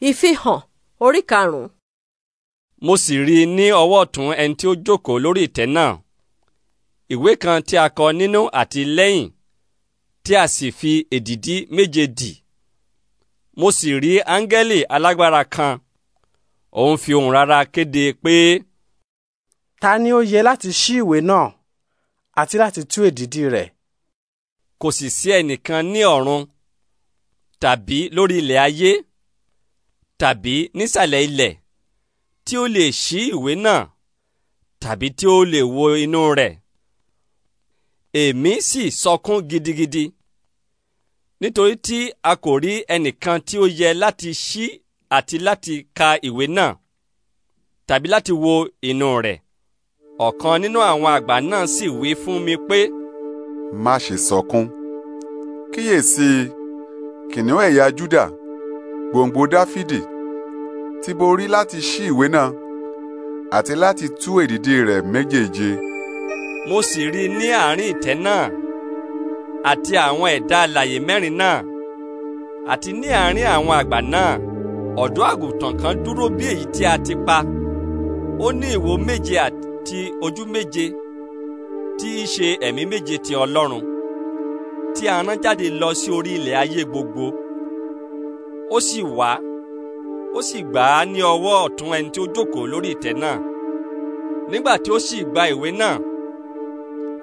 ìfihàn orí karùn-ún. mo sì rí i ní ọwọ́ ọ̀tún ẹni tí ó jókòó lórí ìtẹ́ náà ìwé kan tí a kọ nínú àti lẹ́yìn tí a sì fi èdìdí méje dì mo sì rí áńgẹ́lì alágbára kan òun fi ohùn rara kéde pé. ta ni ó yẹ láti ṣí ìwé náà àti láti tú èdìdí rẹ̀. kò sì sí ẹnìkan ní ọ̀run tàbí lórí ilẹ̀ ayé tàbí nísàlẹ̀ ilẹ̀ tí ó lè ṣí ìwé náà tàbí tí ó lè wo inú rẹ̀ èmi sì sọkún gidigidi nítorí tí a kò rí ẹnìkan tí ó yẹ láti ṣí àti láti ka ìwé náà tàbí láti wo inú rẹ̀ ọ̀kan nínú àwọn àgbà náà sì wí fún mi pé. má ṣe sọkún kíyèsí kìnìún ẹ̀yà Júdà gbòǹgbò Dáfídì tí borí láti ṣí ìwé náà àti láti tú èdìdì rẹ̀ méjèèje. mo sì rí i ní àárín ìtẹ́ náà àti àwọn ẹ̀dá alààyè mẹ́rin náà àti ní àárín àwọn àgbà náà ọ̀dọ́ àgùntàn kan dúró bí èyí tí a ti pa ó ní ìwo méje àti ojú méje tí í ṣe ẹ̀mí méje ti Ọlọ́run tí a rán jáde lọ sí orí ilẹ̀ ayé gbogbo ó sì wá ó sì gbà á ní ọwọ́ ọ̀tún ẹni tí ó jókòó lórí ìtẹ́ náà nígbà tí ó sì gba ìwé náà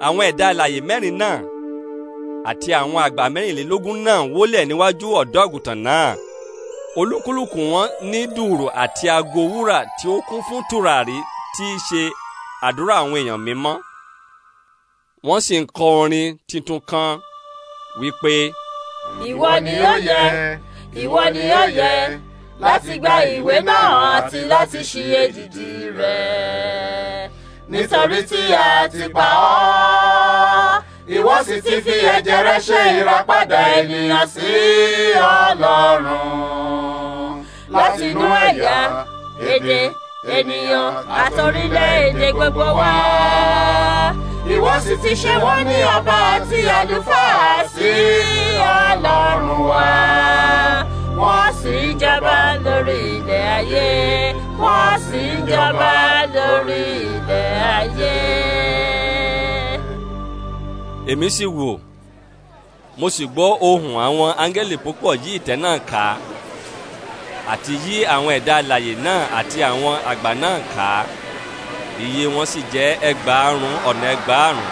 àwọn ẹ̀dá alàyè mẹ́rin náà àti àwọn àgbà mẹ́rìnlélógún náà wólẹ̀ níwájú ọ̀dọ́ àgùntàn náà olúkúlùkù wọn ní dùùrù àti ago wúrà tí ó kún fún tùràrí tí í ṣe àdúrà àwọn èèyàn mímọ́ wọ́n sì ń kọ orin tuntun kan wípé. ìwọ ni ó yẹ ìwọ ni ó yẹ láti gba ìwé náà àti láti ṣiyè dìdì rẹ̀. nítorí tí a ti pa ọ́ ìwọ sì ti fi ẹ̀jẹ̀ rẹ ṣe ìràpadà ènìyàn sí Ọlọ́run. láti inú ẹ̀yà èdè ènìyàn àtọ̀rílẹ̀-èdè gbogbo wá. ìwọ sì ti ṣe wọ́n ní ọba àti àlùfáà sí ọ. ayé wọ́n sì ń jọba lórí ilẹ̀ ayé. èmi sì wò mo sì gbọ́ ohùn àwọn áńgẹ́lì púpọ̀ yí ìtẹ́ náà ká àti yí àwọn ẹ̀dá alàyè náà àti àwọn àgbà náà ká iye wọn sì jẹ́ ẹgbàárún ọ̀nà ẹgbàárún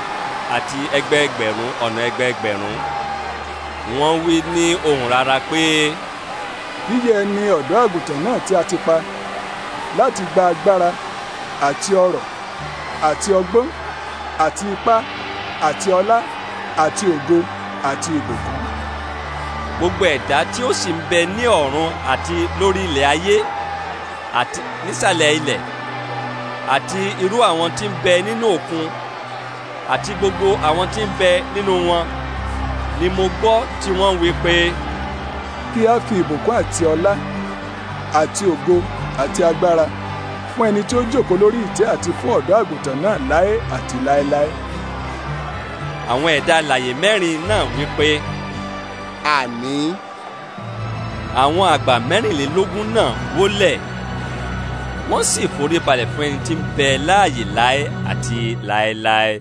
àti ẹgbẹẹgbẹ̀rún ọ̀nà ẹgbẹẹgbẹ̀rún wọ́n wí ní ohùn rara pé yíyẹ ni ọ̀dọ́ àgùntàn náà tí a ti pa láti gba agbára àti ọrọ̀ àti ọgbọ́n àti ipá àti ọlá àti ògo àti ìbùkún. gbogbo ẹ̀dá tí ó sì ń bẹ ní ọ̀run àti lórí ilẹ̀ ayé àti nísàlẹ̀ ilẹ̀ àti irú àwọn tí ń bẹ nínú òkun àti gbogbo àwọn tí ń bẹ nínú wọn ni mo gbọ́ tí wọ́n wí pé kí a fi ìbùkún àti ọlá àti ògo àti agbára fún ẹni tí ó jókòó lórí ìtẹ́ àti fún ọ̀dọ́ àgùntàn náà láé àti láéláé. àwọn ẹ̀dá alàyè mẹ́rin náà wí pé. àní. àwọn àgbà mẹ́rìnlélógún náà wólẹ̀ wọ́n sì forí balẹ̀ fún ẹni tí ń bẹ láàyè láé àti láéláé.